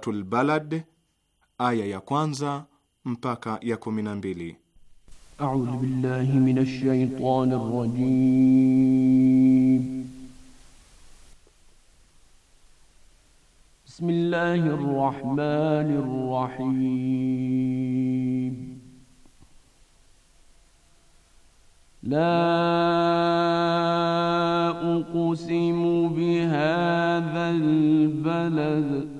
Suratul Balad aya ya kwanza mpaka ya kumi na mbili. A'udhu billahi minash shaitanir rajim. Bismillahir rahmanir rahim. La أقسم بهذا البلد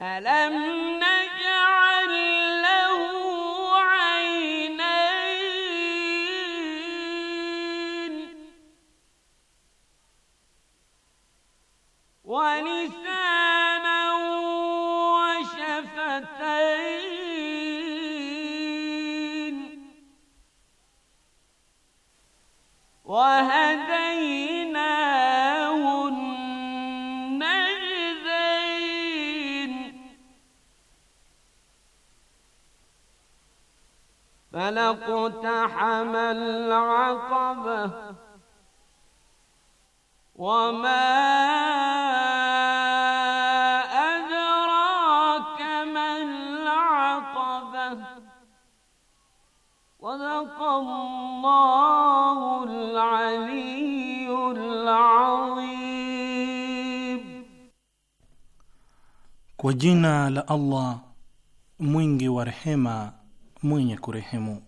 Alam na اقتحم العقبة وما أدراك ما العقبة صدق الله العلي العظيم Kwa لله مُنْجِي Allah mwingi wa rehema kurehemu.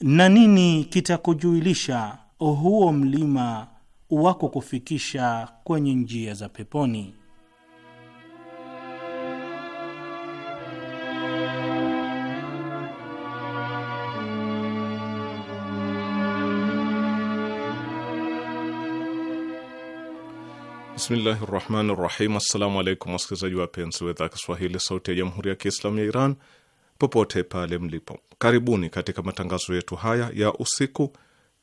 na nini kitakujuilisha huo mlima wako kufikisha kwenye njia za peponi? Bismillahi rahmani rahim. Assalamu alaikum waskilizaji wapenzi wa idhaa Kiswahili sauti ya jamhuri ya kiislamu ya Iran popote pale mlipo. Karibuni katika matangazo yetu haya ya usiku.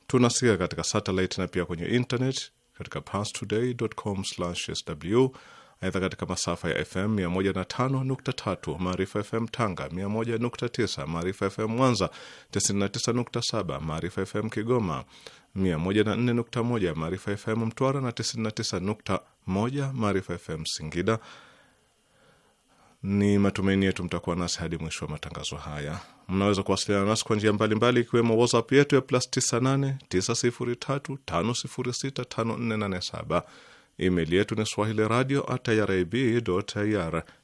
Tunasikia katika satellite na pia kwenye internet katika parstoday.com/sw. Aidha, katika masafa ya FM 105.3 Maarifa FM Tanga, 101.9 Maarifa FM Mwanza, 99.7 Maarifa FM Kigoma, 104.1 Maarifa FM Mtwara na 99.1 Maarifa FM Singida, ni matumaini yetu mtakuwa nasi hadi mwisho wa matangazo haya. Mnaweza kuwasiliana nasi kwa njia mbalimbali, ikiwemo WhatsApp yetu ya plus 98 903 email yetu ni swahili radio at irib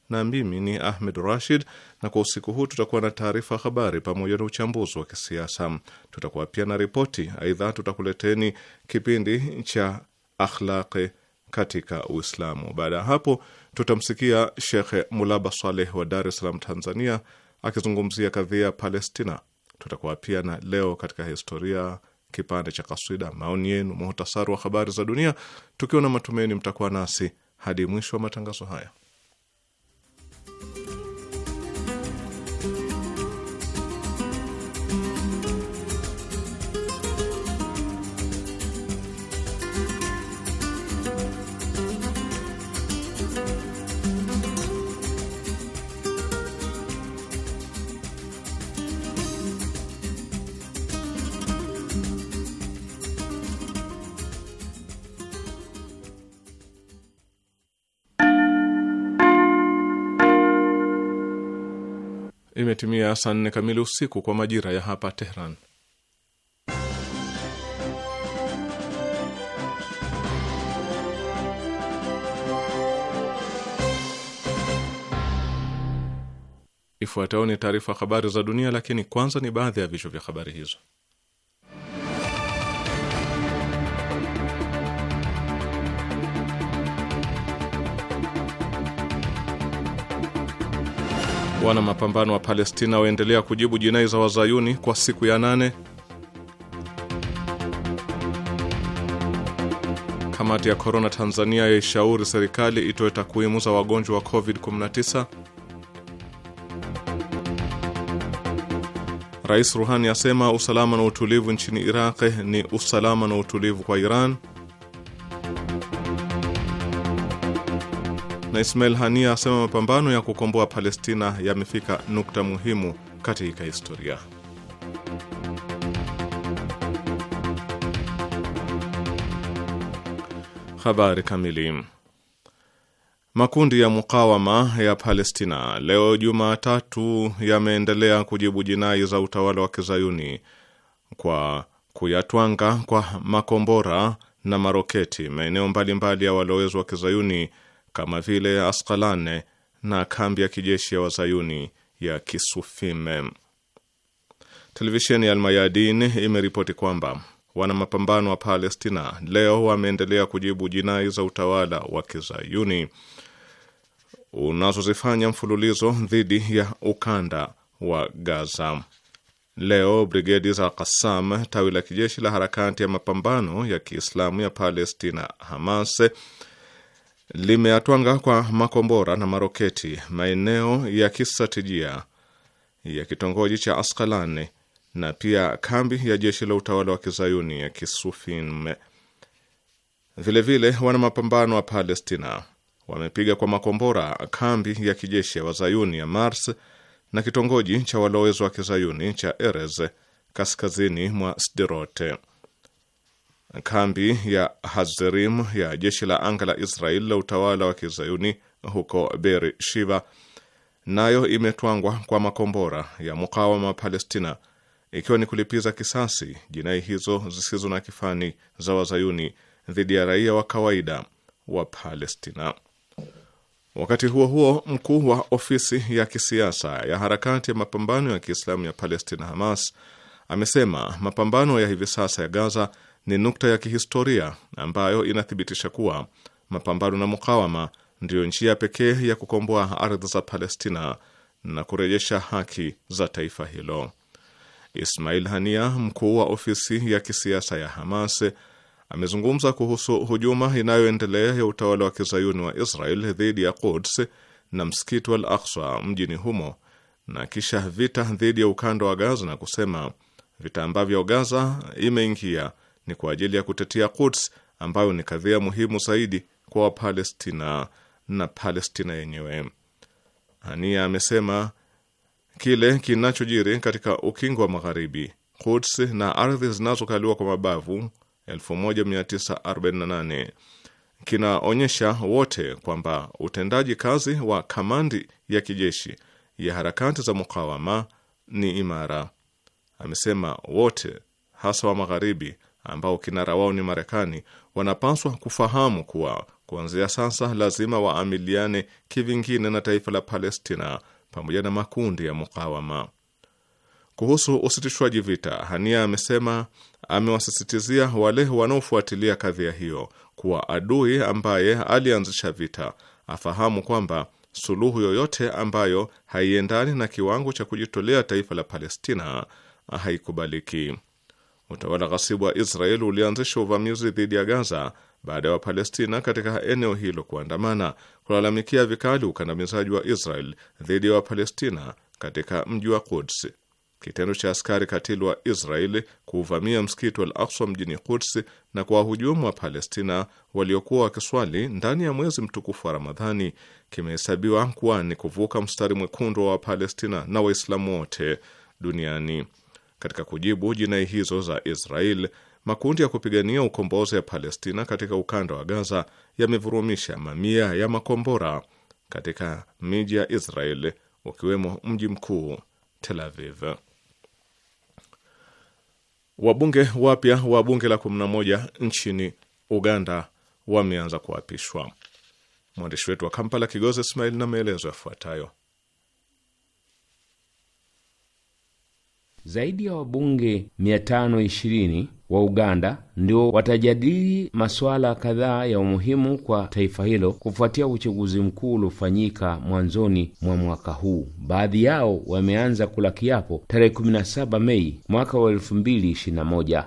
na mimi ni Ahmed Rashid. Na kwa usiku huu tutakuwa na taarifa habari pamoja na uchambuzi wa kisiasa, tutakuwa pia na ripoti. Aidha, tutakuleteni kipindi cha akhlaqi katika Uislamu. Baada ya hapo, tutamsikia Shekhe Mulaba Saleh wa Dar es Salaam, Tanzania, akizungumzia kadhia ya Palestina. Tutakuwa pia na leo katika historia, kipande cha kaswida, maoni yenu, muhtasari wa habari za dunia, tukiwa na matumaini mtakuwa nasi hadi mwisho wa matangazo haya. imetimia saa nne kamili usiku kwa majira ya hapa Tehran. Ifuatayo ni taarifa habari za dunia, lakini kwanza ni baadhi ya vichwa vya habari hizo. Wana mapambano wa Palestina waendelea kujibu jinai za wazayuni kwa siku ya nane. Kamati ya korona Tanzania yaishauri serikali itoe takwimu za wagonjwa wa COVID-19. Rais Ruhani asema usalama na utulivu nchini Iraq ni usalama na utulivu kwa Iran. na Ismail Hania asema mapambano ya kukomboa Palestina yamefika nukta muhimu katika historia. Habari kamili. Makundi ya mukawama ya Palestina leo Jumatatu yameendelea kujibu jinai za utawala wa kizayuni kwa kuyatwanga kwa makombora na maroketi maeneo mbalimbali ya walowezi wa kizayuni kama vile Askalane na kambi ya kijeshi ya wazayuni ya Kisufime. Televisheni ya Almayadin imeripoti kwamba wana mapambano wa Palestina leo wameendelea kujibu jinai za utawala wa kizayuni unazozifanya mfululizo dhidi ya ukanda wa Gaza. Leo brigedi za Kasam, tawi la kijeshi la harakati ya mapambano ya Kiislamu ya Palestina, Hamas, limeatwanga kwa makombora na maroketi maeneo ya kistratejia ya kitongoji cha Askalani na pia kambi ya jeshi la utawala wa kizayuni ya Kisufim. Vilevile wana mapambano wa Palestina wamepiga kwa makombora kambi ya kijeshi ya wazayuni ya Mars na kitongoji cha walowezi wa kizayuni cha Erez kaskazini mwa Sderote kambi ya Hazerim ya jeshi la anga la Israel la utawala wa kizayuni huko Beri Shiva nayo imetwangwa kwa makombora ya mukawama wa Palestina, ikiwa ni kulipiza kisasi jinai hizo zisizo na kifani za wazayuni dhidi ya raia wa kawaida wa Palestina. Wakati huo huo, mkuu wa ofisi ya kisiasa ya harakati ya mapambano ya Kiislamu ya Palestina, Hamas, amesema mapambano ya hivi sasa ya Gaza ni nukta ya kihistoria ambayo inathibitisha kuwa mapambano na mukawama ndiyo njia pekee ya kukomboa ardhi za Palestina na kurejesha haki za taifa hilo. Ismail Hania, mkuu wa ofisi ya kisiasa ya Hamas, amezungumza kuhusu hujuma inayoendelea ya utawala wa kizayuni wa Israel dhidi ya Quds na msikiti wal akswa Aqsa mjini humo na kisha vita dhidi ya ukanda wa Gaza na kusema vita ambavyo Gaza imeingia ni kwa ajili ya kutetea Quds ambayo ni kadhia muhimu zaidi kwa Wapalestina na Palestina yenyewe. Hania amesema kile kinachojiri katika ukingo wa magharibi, Quds na ardhi zinazokaliwa kwa mabavu 1948 kinaonyesha wote kwamba utendaji kazi wa kamandi ya kijeshi ya harakati za mukawama ni imara. Amesema wote hasa wa magharibi ambao kinara wao ni Marekani wanapaswa kufahamu kuwa kuanzia sasa lazima waamiliane kivingine na taifa la Palestina pamoja na makundi ya mukawama. Kuhusu usitishwaji vita, Hania amesema amewasisitizia wale wanaofuatilia kadhia hiyo kuwa adui ambaye alianzisha vita afahamu kwamba suluhu yoyote ambayo haiendani na kiwango cha kujitolea taifa la Palestina haikubaliki. Utawala ghasibu wa Israeli ulianzisha uvamizi dhidi ya Gaza baada ya Wapalestina katika eneo hilo kuandamana kulalamikia vikali ukandamizaji wa Israel dhidi ya Wapalestina katika mji wa Quds. Kitendo cha askari katili wa Israeli kuuvamia msikiti Al Aqsa mjini Quds na kuwahujumu wa Palestina waliokuwa wakiswali ndani ya mwezi mtukufu wa Ramadhani kimehesabiwa kuwa ni kuvuka mstari mwekundu wa Wapalestina na Waislamu wote duniani. Katika kujibu jinai hizo za Israel, makundi ya kupigania ukombozi ya Palestina katika ukanda wa Gaza yamevurumisha mamia ya makombora katika miji ya Israel ukiwemo mji mkuu Tel Aviv. Wabunge wapya wa bunge la 11 nchini Uganda wameanza kuapishwa. Mwandishi wetu wa Kampala, Kigozi Ismail, na maelezo yafuatayo. Zaidi ya wabunge 520 wa Uganda ndio watajadili masuala kadhaa ya umuhimu kwa taifa hilo kufuatia uchaguzi mkuu uliofanyika mwanzoni mwa mwaka huu. Baadhi yao wameanza kula kiapo tarehe 17 Mei mwaka wa 2021.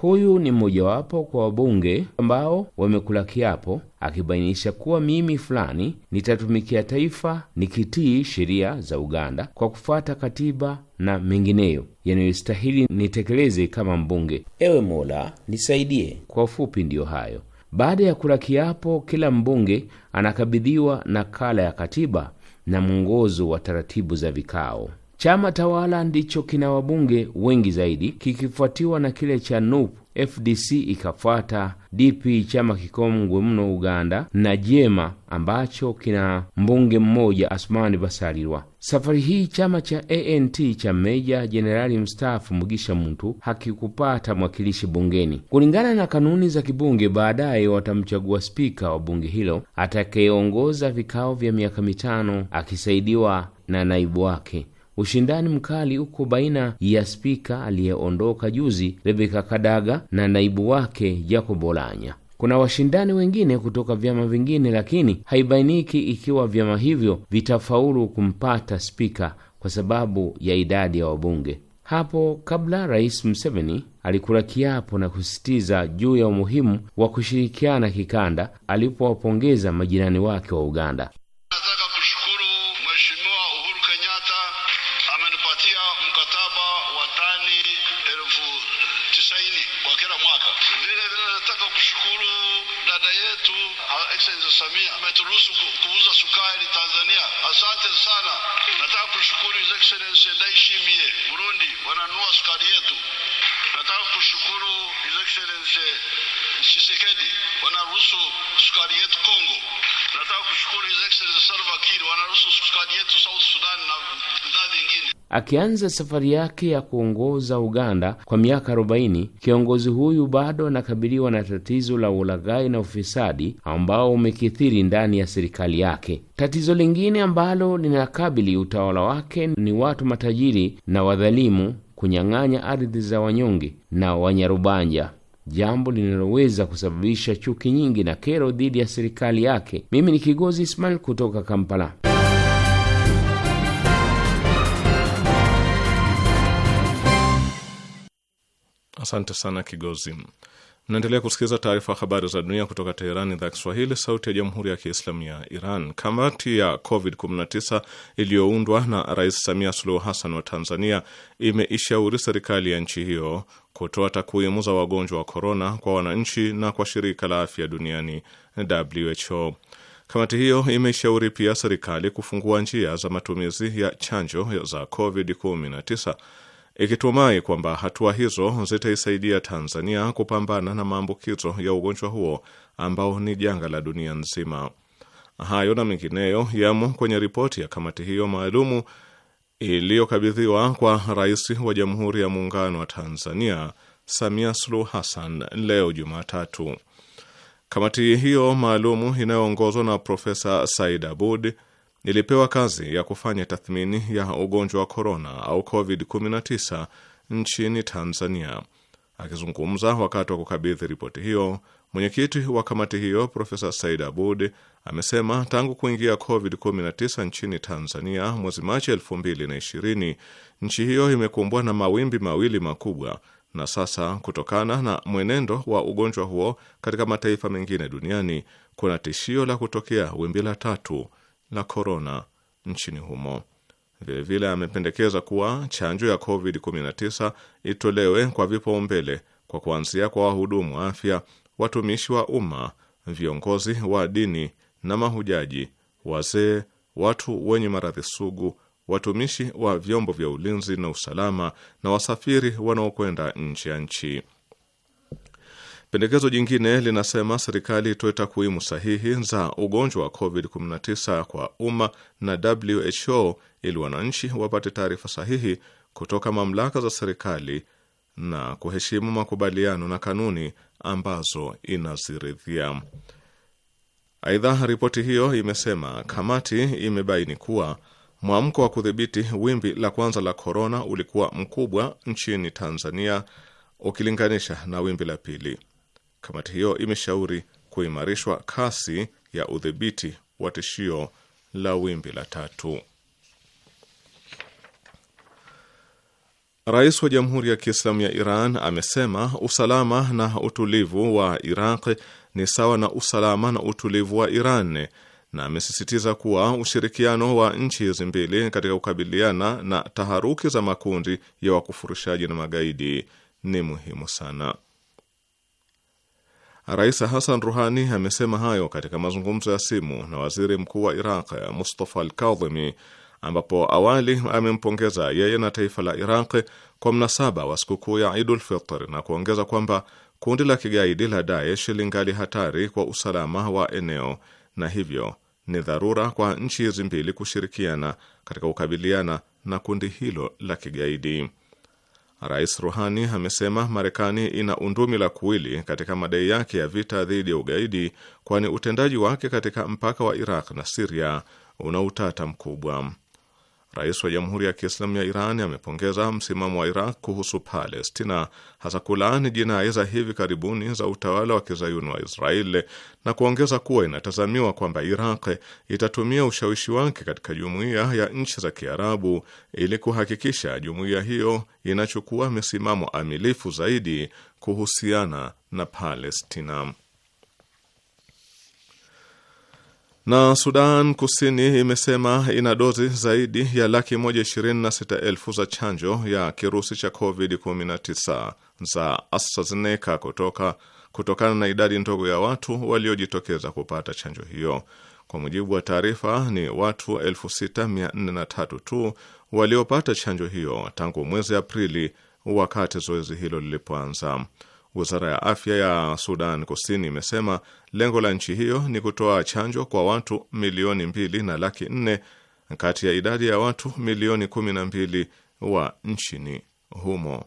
Huyu ni mmojawapo kwa wabunge ambao wamekula kiapo akibainisha kuwa mimi fulani nitatumikia taifa nikitii sheria za Uganda kwa kufuata katiba na mengineyo yanayostahili nitekeleze kama mbunge. Ewe Mola nisaidie. Kwa ufupi, ndiyo hayo. Baada ya kula kiapo, kila mbunge anakabidhiwa nakala ya katiba na mwongozo wa taratibu za vikao. Chama tawala ndicho kina wabunge wengi zaidi kikifuatiwa na kile cha NUP, FDC ikafuata, DP chama kikongwe mno Uganda, na Jema ambacho kina mbunge mmoja Asmani Basalirwa. Safari hii chama cha ANT cha meja jenerali mstaafu Mugisha Muntu hakikupata mwakilishi bungeni. Kulingana na kanuni za kibunge, baadaye watamchagua spika wa bunge hilo atakayeongoza vikao vya miaka mitano akisaidiwa na naibu wake. Ushindani mkali uko baina ya spika aliyeondoka juzi Rebeka Kadaga na naibu wake Jacob Olanya. Kuna washindani wengine kutoka vyama vingine, lakini haibainiki ikiwa vyama hivyo vitafaulu kumpata spika kwa sababu ya idadi ya wabunge. Hapo kabla Rais Museveni alikula kiapo na kusisitiza juu ya umuhimu wa kushirikiana kikanda alipowapongeza majirani wake wa Uganda. Excelência Ndaishimie Burundi wananunua sukari yetu. Nataka kushukuru His Excellency Tshisekedi wanaruhusu sukari yetu Kongo. Nataka kushukuru Salva Kiir wanaruhusu yetu South Sudan na bidhaa nyingine. Akianza safari yake ya kuongoza Uganda kwa miaka 40, kiongozi huyu bado anakabiliwa na tatizo la ulaghai na ufisadi ambao umekithiri ndani ya serikali yake. Tatizo lingine ambalo linakabili utawala wake ni watu matajiri na wadhalimu kunyang'anya ardhi za wanyonge na wanyarubanja jambo linaloweza kusababisha chuki nyingi na kero dhidi ya serikali yake. Mimi ni Kigozi Ismail kutoka Kampala. Asante sana Kigozi. Naendelea kusikiliza taarifa ya habari za dunia kutoka teheran idhaa Kiswahili, sauti ya jamhuri ya kiislamu ya Iran. Kamati ya COVID-19 iliyoundwa na Rais Samia Suluhu Hassan wa Tanzania imeishauri serikali ya nchi hiyo kutoa takwimu za wagonjwa wa korona kwa wananchi na kwa shirika la afya duniani WHO. Kamati hiyo imeshauri pia serikali kufungua njia za matumizi ya chanjo za COVID-19 ikitumai kwamba hatua hizo zitaisaidia Tanzania kupambana na maambukizo ya ugonjwa huo ambao ni janga la dunia nzima. Hayo na mengineyo yamo kwenye ripoti ya kamati hiyo maalumu iliyokabidhiwa kwa Rais wa Jamhuri ya Muungano wa Tanzania Samia Suluhu Hassan leo Jumatatu. Kamati hiyo maalumu inayoongozwa na Profesa Said Abud ilipewa kazi ya kufanya tathmini ya ugonjwa wa korona au COVID-19 nchini Tanzania. Akizungumza wakati wa kukabidhi ripoti hiyo, Mwenyekiti wa kamati hiyo Profesa Said Abud amesema tangu kuingia COVID-19 nchini Tanzania mwezi Machi 2020 nchi hiyo imekumbwa na mawimbi mawili makubwa, na sasa kutokana na mwenendo wa ugonjwa huo katika mataifa mengine duniani kuna tishio la kutokea wimbi la tatu la korona nchini humo. Vilevile amependekeza kuwa chanjo ya COVID-19 itolewe kwa vipaumbele kwa kuanzia kwa wahudumu wa afya watumishi wa umma, viongozi wa dini na mahujaji, wazee, watu wenye maradhi sugu, watumishi wa vyombo vya ulinzi na usalama na wasafiri wanaokwenda nje ya nchi. Pendekezo jingine linasema serikali itoe takwimu sahihi za ugonjwa wa COVID-19 kwa umma na WHO ili wananchi wapate taarifa sahihi kutoka mamlaka za serikali na kuheshimu makubaliano na kanuni ambazo inaziridhia. Aidha, ripoti hiyo imesema kamati imebaini kuwa mwamko wa kudhibiti wimbi la kwanza la korona ulikuwa mkubwa nchini Tanzania ukilinganisha na wimbi la pili. Kamati hiyo imeshauri kuimarishwa kasi ya udhibiti wa tishio la wimbi la tatu. Rais wa Jamhuri ya Kiislamu ya Iran amesema usalama na utulivu wa Iraq ni sawa na usalama na utulivu wa Iran na amesisitiza kuwa ushirikiano wa nchi hizi mbili katika kukabiliana na taharuki za makundi ya wakufurishaji na magaidi ni muhimu sana. Rais Hassan Ruhani amesema hayo katika mazungumzo ya simu na Waziri Mkuu wa Iraq Mustafa alkadhimi ambapo awali amempongeza yeye na taifa la Iraq kwa mnasaba wa sikukuu ya Idul Fitr na kuongeza kwamba kundi la kigaidi la Daesh lingali hatari kwa usalama wa eneo na hivyo ni dharura kwa nchi hizi mbili kushirikiana katika kukabiliana na kundi hilo la kigaidi. Rais Ruhani amesema Marekani ina undumi la kuwili katika madai yake ya vita dhidi ya ugaidi, kwani utendaji wake katika mpaka wa Iraq na Siria una utata mkubwa. Rais wa Jamhuri ya Kiislamu ya Iran amepongeza msimamo wa Iraq kuhusu Palestina, hasa kulaani jinai za hivi karibuni za utawala wa kizayuni wa Israeli na kuongeza kuwa inatazamiwa kwamba Iraq itatumia ushawishi wake katika jumuiya ya nchi za Kiarabu ili kuhakikisha jumuiya hiyo inachukua misimamo amilifu zaidi kuhusiana na Palestina. Na Sudan Kusini imesema ina dozi zaidi ya laki moja ishirini na sita elfu za chanjo ya kirusi cha COVID-19 za AstraZeneca kutoka kutokana na idadi ndogo ya watu waliojitokeza kupata chanjo hiyo. Kwa mujibu wa taarifa, ni watu elfu sita tatu tu waliopata chanjo hiyo tangu mwezi Aprili wakati zoezi hilo lilipoanza. Wizara ya afya ya Sudan Kusini imesema lengo la nchi hiyo ni kutoa chanjo kwa watu milioni mbili na laki nne kati ya idadi ya watu milioni kumi na mbili wa nchini humo.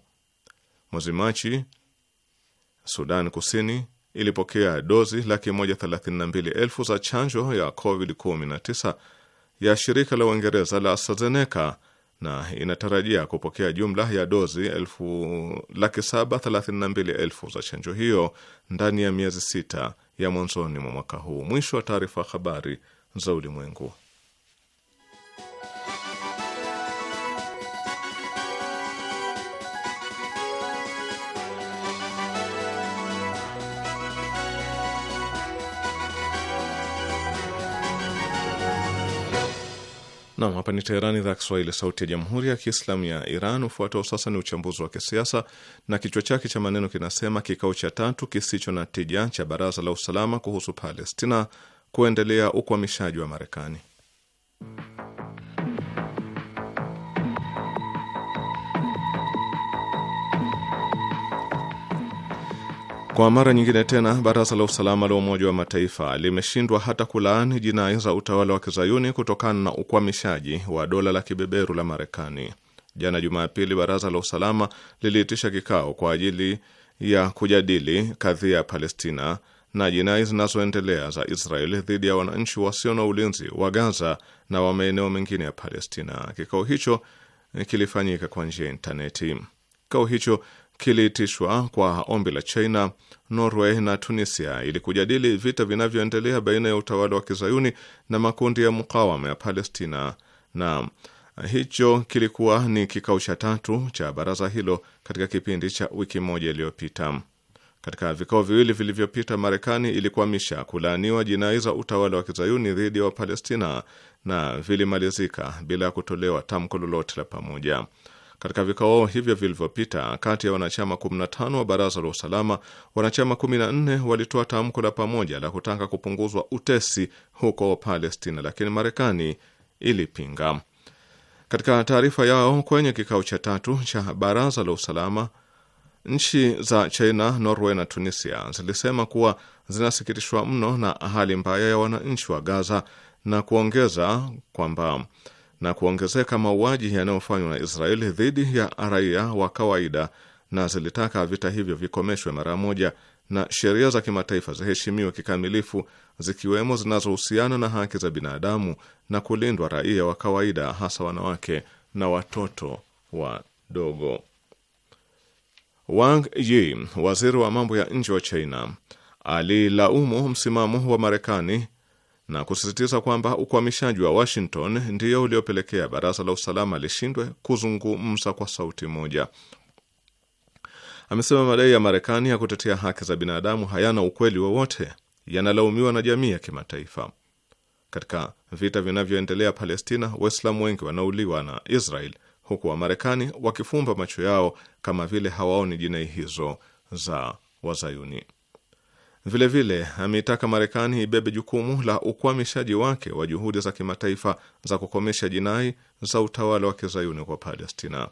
Mwezi Machi, Sudan Kusini ilipokea dozi laki moja thelathini na mbili elfu za chanjo ya COVID-19 ya shirika la Uingereza la AstraZeneca na inatarajia kupokea jumla ya dozi elfu laki saba thelathini na mbili elfu za chanjo hiyo ndani ya miezi sita ya mwanzoni mwa mwaka huu. Mwisho wa taarifa. Habari za Ulimwengu. Nam, hapa ni Teherani, idhaa Kiswahili, sauti ya jamhuri ya kiislamu ya Iran. Ufuatao sasa ni uchambuzi wa kisiasa na kichwa chake cha maneno kinasema: kikao cha tatu kisicho na tija cha baraza la usalama kuhusu Palestina, kuendelea ukwamishaji wa Marekani. Kwa mara nyingine tena baraza la usalama la Umoja wa Mataifa limeshindwa hata kulaani jinai za utawala wa kizayuni kutokana na ukwamishaji wa dola la kibeberu la Marekani. Jana Jumapili, baraza la usalama liliitisha kikao kwa ajili ya kujadili kadhia ya Palestina na jinai zinazoendelea za Israeli dhidi ya wananchi wasio na ulinzi wa Gaza na wa maeneo mengine ya Palestina. Kikao hicho kilifanyika kwa njia ya intaneti. Kikao hicho kiliitishwa kwa ombi la China Norway na Tunisia ili kujadili vita vinavyoendelea baina ya utawala wa kizayuni na makundi ya mukawama ya Palestina, na hicho kilikuwa ni kikao cha tatu cha baraza hilo katika kipindi cha wiki moja iliyopita. Katika vikao viwili vilivyopita, Marekani ilikwamisha kulaaniwa jinai za utawala wa kizayuni dhidi ya Wapalestina na vilimalizika bila ya kutolewa tamko lolote la pamoja. Katika vikao hivyo vilivyopita, kati ya wanachama 15 wa baraza la usalama, wanachama 14 walitoa tamko la pamoja la kutaka kupunguzwa utesi huko Palestina, lakini Marekani ilipinga. Katika taarifa yao kwenye kikao cha tatu cha baraza la usalama, nchi za China, Norway na Tunisia zilisema kuwa zinasikitishwa mno na hali mbaya ya wananchi wa Gaza na kuongeza kwamba na kuongezeka mauaji yanayofanywa na Israeli dhidi ya raia wa kawaida, na zilitaka vita hivyo vikomeshwe mara moja na sheria za kimataifa ziheshimiwe kikamilifu, zikiwemo zinazohusiana na haki za binadamu na kulindwa raia wa kawaida, hasa wanawake na watoto wadogo. Wang Yi, waziri wa mambo ya nje wa China, alilaumu msimamo wa Marekani na kusisitiza kwamba ukwamishaji wa Washington ndiyo uliopelekea baraza la usalama lishindwe kuzungumza kwa sauti moja. Amesema madai ya Marekani ya kutetea haki za binadamu hayana ukweli wowote, yanalaumiwa na jamii ya kimataifa. Katika vita vinavyoendelea Palestina, Waislamu wengi wanauliwa na Israel huku Wamarekani wakifumba macho yao kama vile hawaoni jinai hizo za Wazayuni. Vilevile ameitaka Marekani ibebe jukumu la ukwamishaji wake wa juhudi za kimataifa za kukomesha jinai za utawala wa kizayuni kwa Palestina.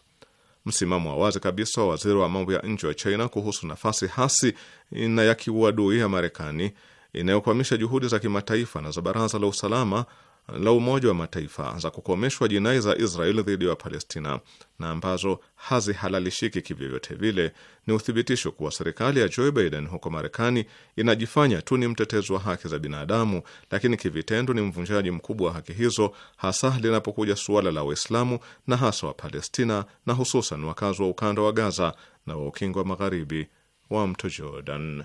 Msimamo wa wazi kabisa wa waziri wa mambo ya nje wa China kuhusu nafasi hasi na ya kiuadui ya Marekani inayokwamisha juhudi za kimataifa na za Baraza la Usalama la Umoja wa Mataifa za kukomeshwa jinai za Israeli dhidi ya Palestina na ambazo hazihalalishiki kivyovyote vile ni uthibitisho kuwa serikali ya Joe Biden huko Marekani inajifanya tu ni mtetezi wa haki za binadamu, lakini kivitendo ni mvunjaji mkubwa wa haki hizo, hasa linapokuja suala la Waislamu na hasa wa Palestina na hususan wakazi wa ukanda wa Gaza na wa Ukingo wa Magharibi wa mto Jordan.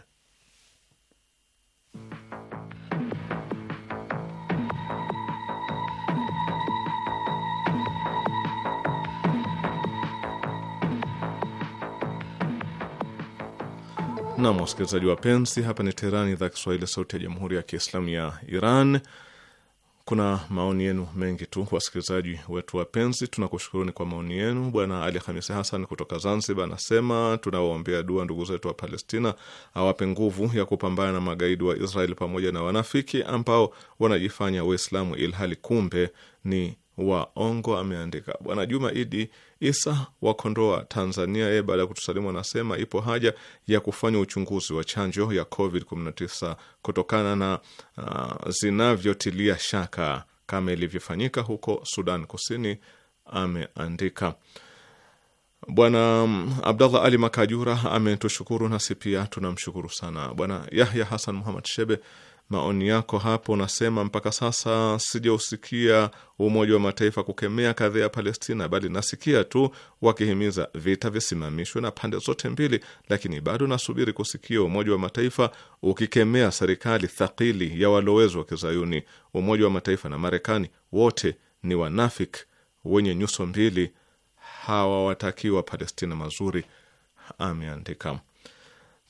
Nam, wasikilizaji wapenzi, hapa ni Teherani, idhaa Kiswahili, sauti ya jamhuri ya kiislamu ya Iran. Kuna maoni yenu mengi tu, wasikilizaji wetu wapenzi, tunakushukuruni kwa maoni yenu. Bwana Ali Hamisi Hasan kutoka Zanzibar anasema tunawaombea dua ndugu zetu wa Palestina, awape nguvu ya kupambana na magaidi wa Israeli pamoja na wanafiki ambao wanajifanya Waislamu ilhali kumbe ni wa Ongo ameandika Bwana Juma Idi Isa wa Kondoa, Tanzania. Yeye baada ya kutusalimu anasema ipo haja ya kufanya uchunguzi wa chanjo ya COVID-19 kutokana na uh, zinavyotilia shaka kama ilivyofanyika huko Sudan Kusini, ameandika. Bwana um, Abdallah Ali Makajura ametushukuru, nasi pia tunamshukuru sana. Bwana Yahya Hasan Muhamad Shebe maoni yako hapo. Unasema mpaka sasa sijausikia Umoja wa Mataifa kukemea kadhi ya Palestina, bali nasikia tu wakihimiza vita visimamishwe na pande zote mbili, lakini bado nasubiri kusikia Umoja wa Mataifa ukikemea serikali thakili ya walowezi wa Kizayuni. Umoja wa Mataifa na Marekani wote ni wanafik wenye nyuso mbili, hawawatakiwa Palestina mazuri, ameandika.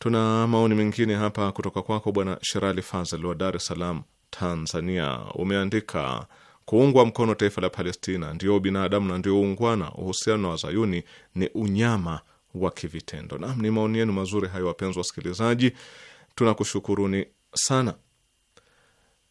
Tuna maoni mengine hapa kutoka kwako Bwana Sherali Fazel wa Dar es Salaam, Tanzania. Umeandika kuungwa mkono taifa la Palestina ndio binadamu na ndio uungwana. Uhusiano wa Zayuni ni unyama wa kivitendo. Naam, ni maoni yenu mazuri hayo, wapenzi wasikilizaji, tunakushukuruni sana.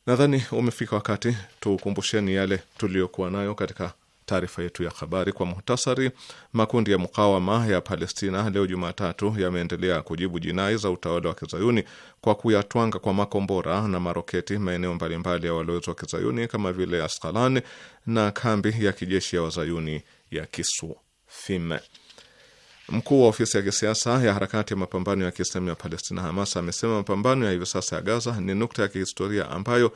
Nadhani umefika wakati tukumbusheni yale tuliyokuwa nayo katika taarifa yetu ya habari kwa muhtasari. Makundi ya mukawama ya Palestina leo Jumatatu yameendelea kujibu jinai za utawala wa kizayuni kwa kuyatwanga kwa makombora na maroketi maeneo mbalimbali ya walowezi wa kizayuni kama vile Askalan na kambi ya kijeshi ya wazayuni ya Kisufim. Mkuu wa ofisi ya kisiasa ya harakati ya mapambano ya kiislamu ya Palestina, Hamas, amesema mapambano ya hivi sasa ya Gaza ni nukta ya kihistoria ambayo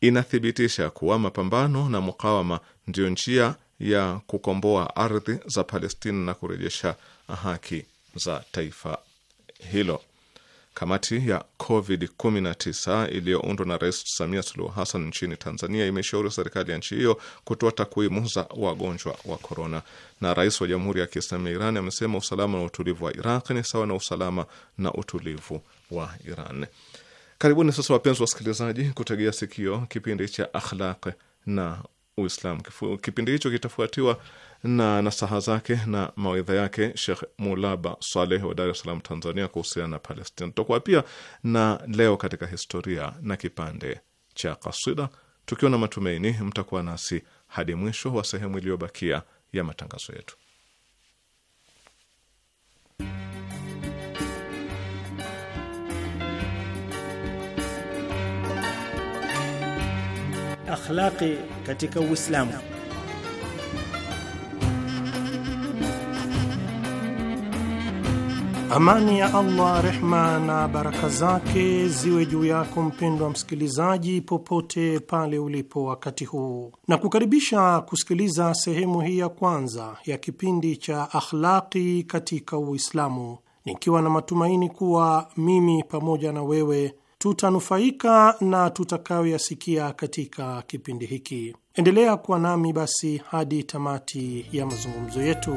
inathibitisha kuwa mapambano na mukawama ndiyo njia ya kukomboa ardhi za Palestina na kurejesha haki za taifa hilo. Kamati ya COVID-19 iliyoundwa na Rais Samia Suluhu Hassan nchini Tanzania imeshauri serikali ya nchi hiyo kutoa takwimu za wagonjwa wa korona. Na rais wa Jamhuri ya Kiislamu ya Iran amesema usalama na utulivu wa Iraq ni sawa na usalama na utulivu wa Iran. Karibuni sasa, wapenzi wasikilizaji, kutegea sikio kipindi cha Akhlaq na uislam Kipindi hicho kitafuatiwa na nasaha zake na mawaidha yake Shekh Mulaba Saleh wa Dar es Salaam, Tanzania, kuhusiana na Palestina. Tutakuwa pia na leo katika historia na kipande cha kasida, tukiwa na matumaini mtakuwa nasi hadi mwisho wa sehemu iliyobakia ya matangazo yetu. akhlaqi katika Uislamu. Amani ya Allah, rehma na baraka zake ziwe juu yako mpendwa msikilizaji, popote pale ulipo wakati huu, na kukaribisha kusikiliza sehemu hii ya kwanza ya kipindi cha akhlaqi katika Uislamu, nikiwa na matumaini kuwa mimi pamoja na wewe tutanufaika na tutakayoyasikia katika kipindi hiki. Endelea kuwa nami basi hadi tamati ya mazungumzo yetu.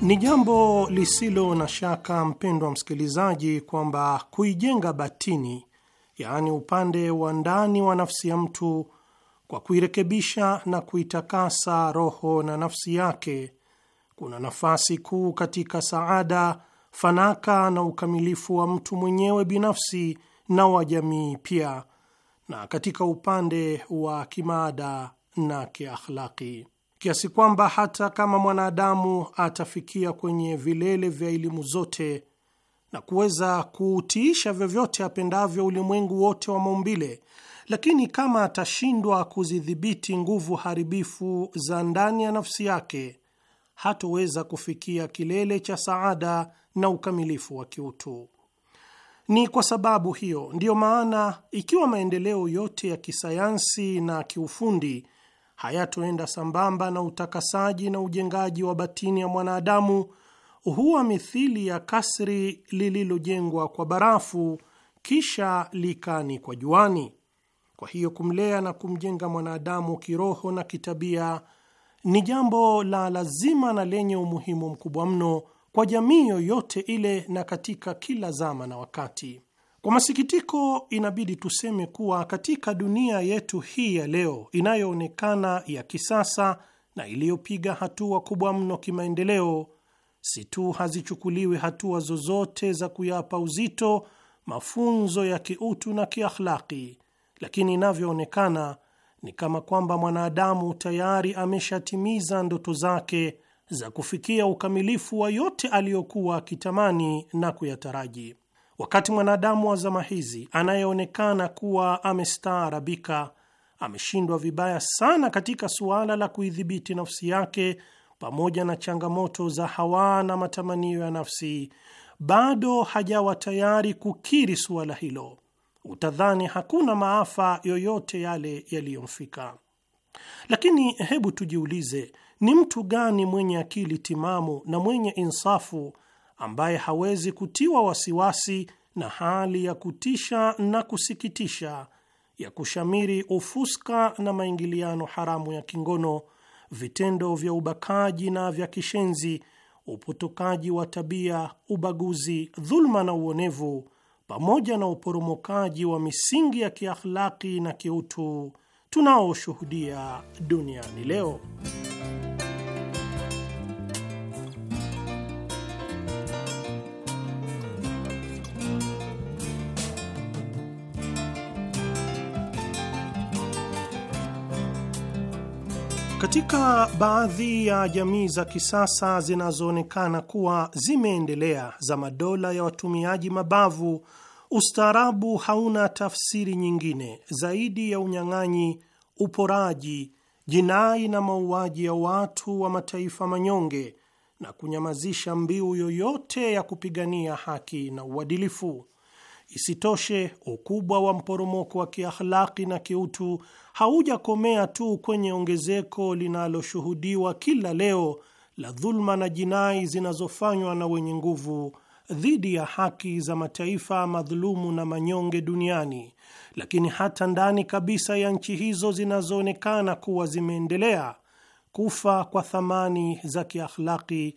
Ni jambo lisilo na shaka, mpendwa msikilizaji, kwamba kuijenga batini, yaani upande wa ndani wa nafsi ya mtu kwa kuirekebisha na kuitakasa roho na nafsi yake kuna nafasi kuu katika saada, fanaka na ukamilifu wa mtu mwenyewe binafsi na wa jamii pia, na katika upande wa kimaada na kiakhlaki, kiasi kwamba hata kama mwanadamu atafikia kwenye vilele vya elimu zote na kuweza kuutiisha vyovyote apendavyo ulimwengu wote wa maumbile lakini kama atashindwa kuzidhibiti nguvu haribifu za ndani ya nafsi yake, hatoweza kufikia kilele cha saada na ukamilifu wa kiutu. Ni kwa sababu hiyo ndiyo maana ikiwa maendeleo yote ya kisayansi na kiufundi hayatoenda sambamba na utakasaji na ujengaji wa batini ya mwanadamu, huwa mithili ya kasri lililojengwa kwa barafu kisha likani kwa juani. Kwa hiyo kumlea na kumjenga mwanadamu kiroho na kitabia ni jambo la lazima na lenye umuhimu mkubwa mno kwa jamii yoyote ile na katika kila zama na wakati. Kwa masikitiko, inabidi tuseme kuwa katika dunia yetu hii ya leo inayoonekana ya kisasa na iliyopiga hatua kubwa mno kimaendeleo, si tu hazichukuliwi hatua zozote za kuyapa uzito mafunzo ya kiutu na kiakhlaki, lakini inavyoonekana ni kama kwamba mwanadamu tayari ameshatimiza ndoto zake za kufikia ukamilifu wa yote aliyokuwa akitamani na kuyataraji. Wakati mwanadamu wa zama hizi anayeonekana kuwa amestaarabika, ameshindwa vibaya sana katika suala la kuidhibiti nafsi yake pamoja na changamoto za hawa na matamanio ya nafsi, bado hajawa tayari kukiri suala hilo utadhani hakuna maafa yoyote yale yaliyomfika. Lakini hebu tujiulize, ni mtu gani mwenye akili timamu na mwenye insafu ambaye hawezi kutiwa wasiwasi na hali ya kutisha na kusikitisha ya kushamiri ufuska na maingiliano haramu ya kingono, vitendo vya ubakaji na vya kishenzi, upotokaji wa tabia, ubaguzi, dhuluma na uonevu pamoja na uporomokaji wa misingi ya kiakhlaki na kiutu tunaoshuhudia duniani leo. Katika baadhi ya jamii za kisasa zinazoonekana kuwa zimeendelea za madola ya watumiaji mabavu, ustaarabu hauna tafsiri nyingine zaidi ya unyang'anyi, uporaji, jinai na mauaji ya watu wa mataifa manyonge na kunyamazisha mbiu yoyote ya kupigania haki na uadilifu. Isitoshe, ukubwa wa mporomoko wa kiakhlaki na kiutu haujakomea tu kwenye ongezeko linaloshuhudiwa kila leo la dhuluma na jinai zinazofanywa na wenye nguvu dhidi ya haki za mataifa madhulumu na manyonge duniani, lakini hata ndani kabisa ya nchi hizo zinazoonekana kuwa zimeendelea, kufa kwa thamani za kiakhlaki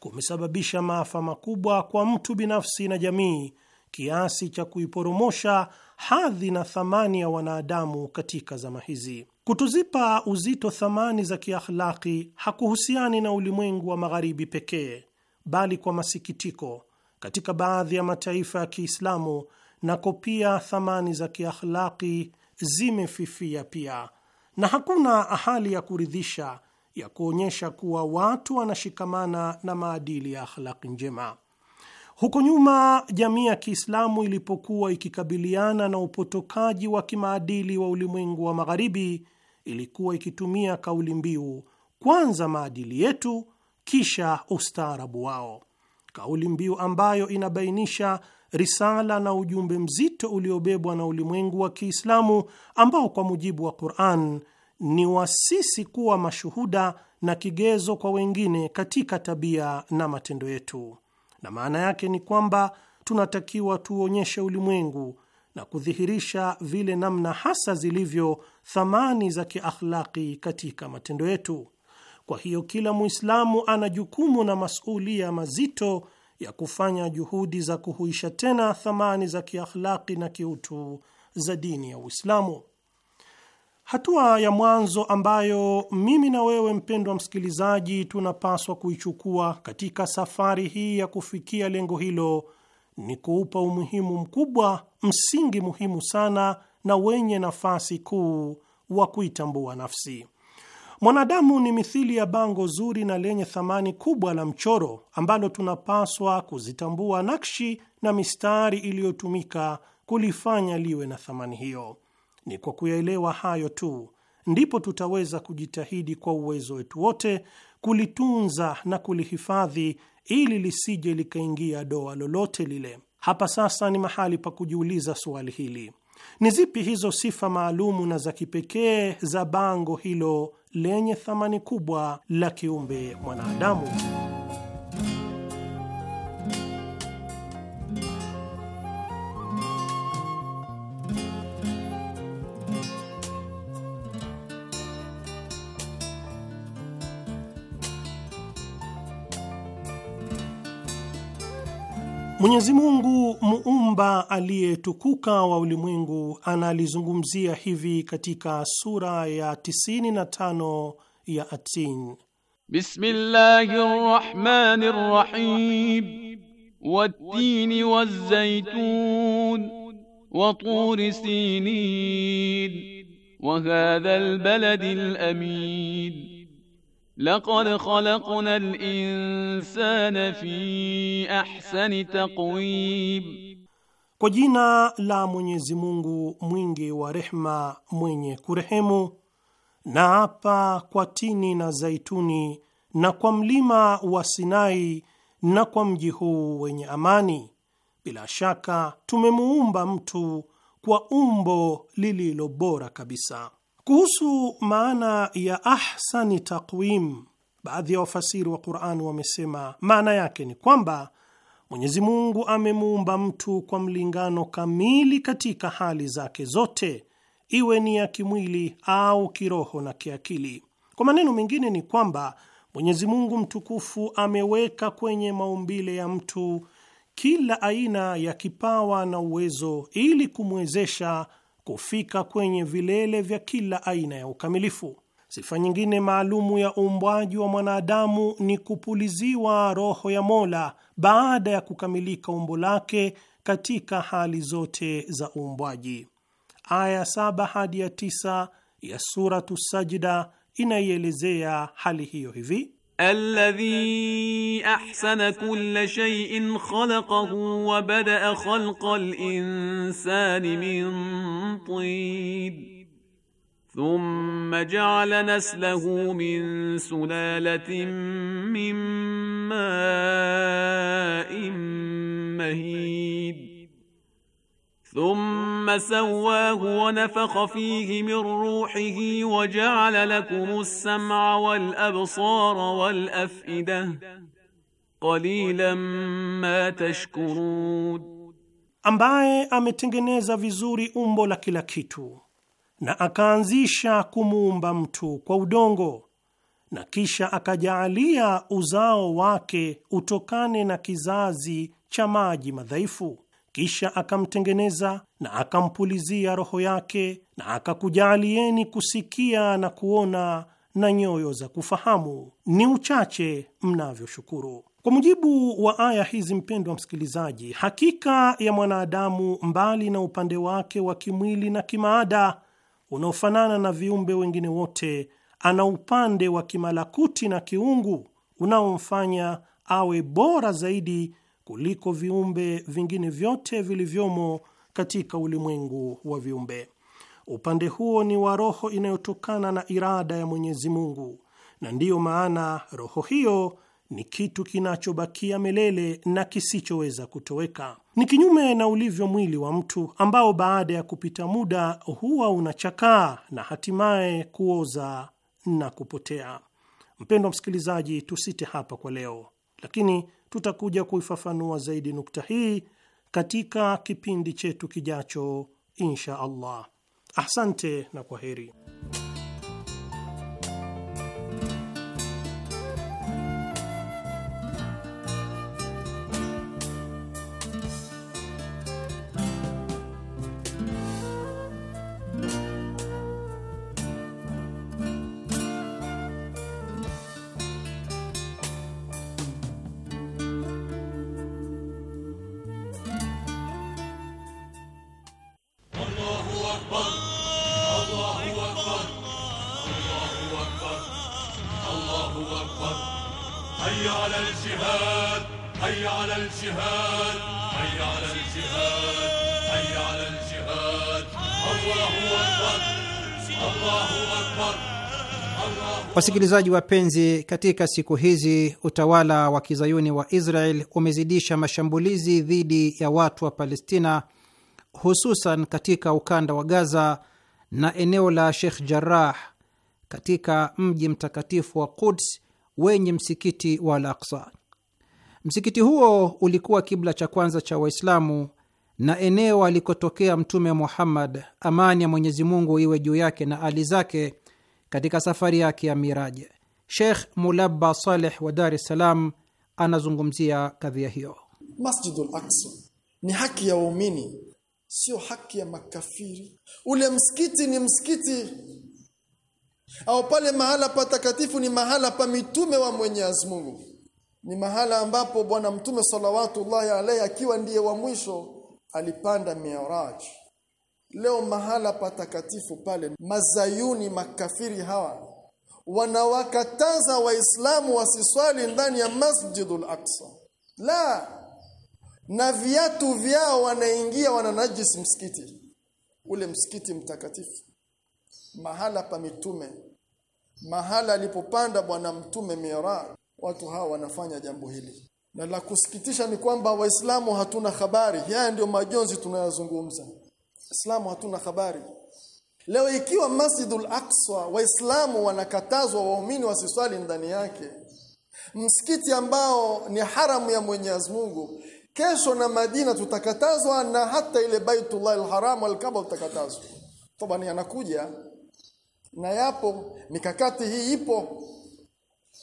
kumesababisha maafa makubwa kwa mtu binafsi na jamii kiasi cha kuiporomosha hadhi na thamani ya wanadamu katika zama hizi. Kutuzipa uzito thamani za kiakhlaki hakuhusiani na ulimwengu wa Magharibi pekee, bali kwa masikitiko, katika baadhi ya mataifa ya Kiislamu nako pia thamani za kiakhlaki zimefifia pia, na hakuna hali ya kuridhisha ya kuonyesha kuwa watu wanashikamana na maadili ya akhlaki njema. Huko nyuma jamii ya Kiislamu ilipokuwa ikikabiliana na upotokaji wa kimaadili wa ulimwengu wa Magharibi, ilikuwa ikitumia kauli mbiu kwanza maadili yetu, kisha ustaarabu wao, kauli mbiu ambayo inabainisha risala na ujumbe mzito uliobebwa na ulimwengu wa Kiislamu ambao kwa mujibu wa Quran ni wasisi kuwa mashuhuda na kigezo kwa wengine katika tabia na matendo yetu na maana yake ni kwamba tunatakiwa tuonyeshe ulimwengu na kudhihirisha vile namna hasa zilivyo thamani za kiakhlaki katika matendo yetu. Kwa hiyo kila Muislamu ana jukumu na masulia mazito ya kufanya juhudi za kuhuisha tena thamani za kiakhlaki na kiutu za dini ya Uislamu. Hatua ya mwanzo ambayo mimi na wewe mpendwa msikilizaji, tunapaswa kuichukua katika safari hii ya kufikia lengo hilo ni kuupa umuhimu mkubwa msingi muhimu sana na wenye nafasi kuu wa kuitambua nafsi. Mwanadamu ni mithili ya bango zuri na lenye thamani kubwa la mchoro ambalo tunapaswa kuzitambua nakshi na mistari iliyotumika kulifanya liwe na thamani hiyo. Ni kwa kuyaelewa hayo tu ndipo tutaweza kujitahidi kwa uwezo wetu wote kulitunza na kulihifadhi ili lisije likaingia doa lolote lile. Hapa sasa ni mahali pa kujiuliza suali hili: ni zipi hizo sifa maalumu na za kipekee za bango hilo lenye thamani kubwa la kiumbe mwanadamu? Mwenyezi Mungu muumba aliyetukuka wa ulimwengu analizungumzia hivi katika sura ya 95 ya Atin: Bismillahir Rahmanir Rahim wat-tini wa turi sinin wa hadha al amin Laqad khalaqna al-insana fi ahsani taqwim, kwa jina la Mwenyezi Mungu mwingi wa rehma mwenye kurehemu. Na hapa kwa tini na zaituni na kwa mlima wa Sinai na kwa mji huu wenye amani, bila shaka tumemuumba mtu kwa umbo lililo bora kabisa. Kuhusu maana ya ahsani taqwim, baadhi ya wafasiri wa Qur'an wamesema maana yake ni kwamba Mwenyezi Mungu amemuumba mtu kwa mlingano kamili katika hali zake zote, iwe ni ya kimwili au kiroho na kiakili. Kwa maneno mengine ni kwamba Mwenyezi Mungu mtukufu ameweka kwenye maumbile ya mtu kila aina ya kipawa na uwezo ili kumwezesha kufika kwenye vilele vya kila aina ya ukamilifu. Sifa nyingine maalumu ya uumbwaji wa mwanadamu ni kupuliziwa roho ya Mola baada ya kukamilika umbo lake katika hali zote za uumbwaji. Aya saba hadi ya tisa ya Suratu Sajida inaielezea hali hiyo hivi: الذي احسن كل شيء خلقه وبدا خلق الانسان من طين ثم جعل نسله من سلاله من ماء مهيد Thumma sawwahu wa nafakha fihi min ruhihi wa ja'ala lakum as-sam'a wal absara wal af'ida qalilan ma tashkurun, ambaye ametengeneza vizuri umbo la kila kitu na akaanzisha kumuumba mtu kwa udongo na kisha akajaalia uzao wake utokane na kizazi cha maji madhaifu kisha akamtengeneza na akampulizia roho yake na akakujaalieni kusikia na kuona na nyoyo za kufahamu, ni uchache mnavyoshukuru. Kwa mujibu wa aya hizi, mpendwa msikilizaji, hakika ya mwanadamu mbali na upande wake wa kimwili na kimaada unaofanana na viumbe wengine wote, ana upande wa kimalakuti na kiungu unaomfanya awe bora zaidi kuliko viumbe vingine vyote vilivyomo katika ulimwengu wa viumbe. Upande huo ni wa roho inayotokana na irada ya Mwenyezi Mungu, na ndiyo maana roho hiyo ni kitu kinachobakia milele na kisichoweza kutoweka. Ni kinyume na ulivyo mwili wa mtu ambao baada ya kupita muda huwa unachakaa na hatimaye kuoza na kupotea. Mpendwa msikilizaji, tusite hapa kwa leo, lakini Tutakuja kuifafanua zaidi nukta hii katika kipindi chetu kijacho, insha Allah. Asante na kwa heri. Wasikilizaji wapenzi, katika siku hizi utawala wa kizayuni wa Israel umezidisha mashambulizi dhidi ya watu wa Palestina, hususan katika ukanda wa Gaza na eneo la Sheikh Jarrah katika mji mtakatifu wa Quds wenye msikiti wa Al-Aqsa. Msikiti huo ulikuwa kibla cha kwanza cha Waislamu na eneo alikotokea Mtume Muhammad, amani ya Mwenyezi Mungu iwe juu yake na ali zake katika safari yake ya Miraji. Sheikh Mulabba Saleh wa Dar es Salaam anazungumzia kadhia hiyo. Masjidul Aqsa ni haki ya waumini, sio haki ya makafiri. Ule msikiti ni msikiti, au pale mahala patakatifu ni mahala pa mitume wa Mwenyezi Mungu, ni mahala ambapo Bwana Mtume salawatullahi alaihi akiwa ndiye wa mwisho alipanda Miaraji Leo mahala patakatifu pale mazayuni makafiri hawa wanawakataza waislamu wasiswali ndani ya Masjidul Aqsa. La, na viatu vyao wanaingia wananajisi msikiti ule msikiti mtakatifu, mahala pa mitume, mahala alipopanda bwana mtume Miraj. Watu hawa wanafanya jambo hili, na la kusikitisha ni kwamba waislamu hatuna habari. Haya ndio majonzi tunayozungumza. Islamu hatuna habari. Leo ikiwa Masjidul Aqsa waislamu wanakatazwa waumini wasiswali ndani yake. Msikiti ambao ni haramu ya Mwenyezi Mungu, kesho na Madina tutakatazwa na hata ile Baitullah al-Haram al-Kaaba tutakatazwa. Tobani anakuja na yapo mikakati hii ipo.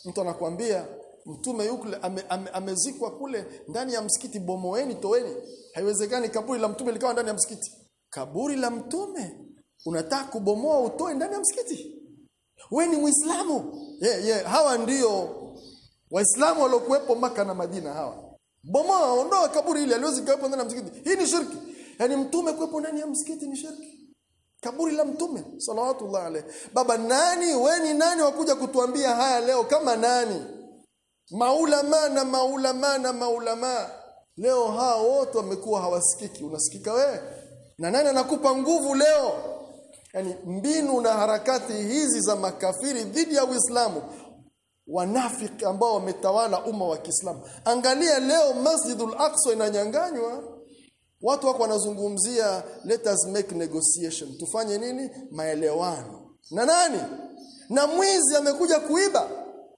Mtu anakuambia mtume yule ame, ame, amezikwa kule ndani ya msikiti bomoeni toweni. Haiwezekani kaburi la mtume likawa ndani ya msikiti kaburi la mtume unataka kubomoa utoe ndani ya msikiti we ni muislamu yeah, yeah. hawa ndio waislamu waliokuwepo maka na madina hawa bomoa ondoa kaburi ile aliwezi kuwepo ndani ya msikiti hii ni shirki yani mtume kuwepo ndani ya msikiti ni shirki kaburi la mtume salawatullah alayhi baba nani we ni nani wakuja kutuambia haya leo kama nani maulama na maulama na maulama leo hao wote wamekuwa hawasikiki unasikika wewe na nani anakupa nguvu leo yani mbinu na harakati hizi za makafiri dhidi ya Uislamu wanafiki ambao wametawala umma wa Kiislamu angalia leo Masjidul Aqsa inanyanganywa watu wako wanazungumzia let us make negotiation tufanye nini maelewano na nani na mwizi amekuja kuiba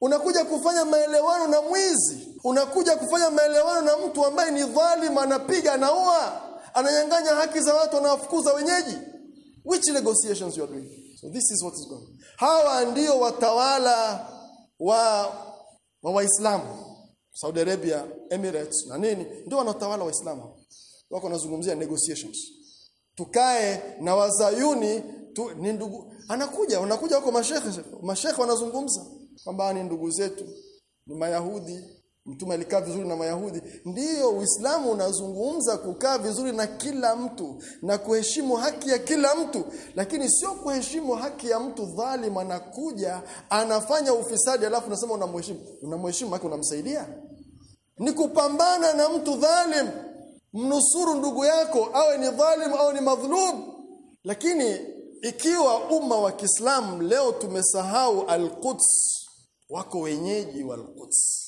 unakuja kufanya maelewano na mwizi unakuja kufanya maelewano na mtu ambaye ni dhalima anapiga anaua ananyang'anya haki za watu anawafukuza wenyeji which negotiations you are doing so this is what is going on. hawa ndio watawala wa wa waislamu Saudi Arabia Emirates na nini ndio wanatawala waislamu wako wanazungumzia negotiations tukae na wazayuni tu, ni ndugu anakuja wanakuja huko mashekhe mashekhe wanazungumza kwamba ni ndugu zetu ni mayahudi Mtume alikaa vizuri na Mayahudi. Ndiyo Uislamu unazungumza kukaa vizuri na kila mtu na kuheshimu haki ya kila mtu, lakini sio kuheshimu haki ya mtu dhalim anakuja anafanya ufisadi alafu unasema unamheshimu. Unamheshimu haki unamsaidia? Ni kupambana na mtu dhalim, mnusuru ndugu yako awe ni dhalim au ni madhlum. Lakini ikiwa umma wa Kiislamu leo tumesahau Al-Quds, wako wenyeji wa Al-Quds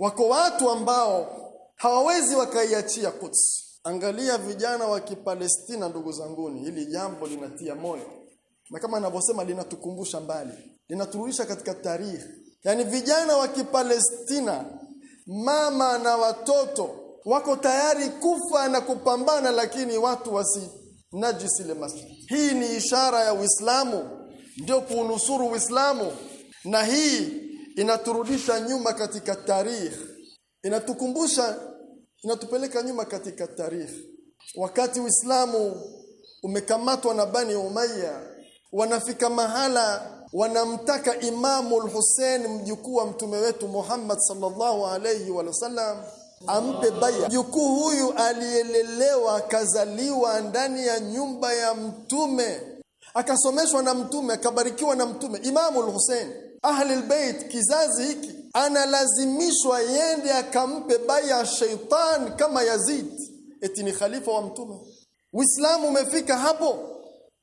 Wako watu ambao hawawezi wakaiachia Quds. Angalia vijana wa Kipalestina ndugu zanguni, hili jambo linatia moyo. Na kama anavyosema linatukumbusha mbali, linaturudisha katika tarehe. Yaani vijana wa Kipalestina mama na watoto wako tayari kufa na kupambana lakini watu wasi najisi ile masjid. Hii ni ishara ya Uislamu ndio kuunusuru Uislamu na hii inaturudisha nyuma katika tarikh inatukumbusha inatupeleka nyuma katika tarikh wakati Uislamu umekamatwa na Bani Umayya wanafika mahala wanamtaka Imamu al-Hussein mjukuu wa mtume wetu Muhammad sallallahu alayhi wa sallam ampe baya. Mjukuu huyu aliyelelewa akazaliwa ndani ya nyumba ya mtume akasomeshwa na mtume akabarikiwa na mtume Imamu hussein ahli albayt kizazi hiki analazimishwa yende akampe baya sheitan kama Yazid eti ni khalifa wa mtume Uislamu umefika hapo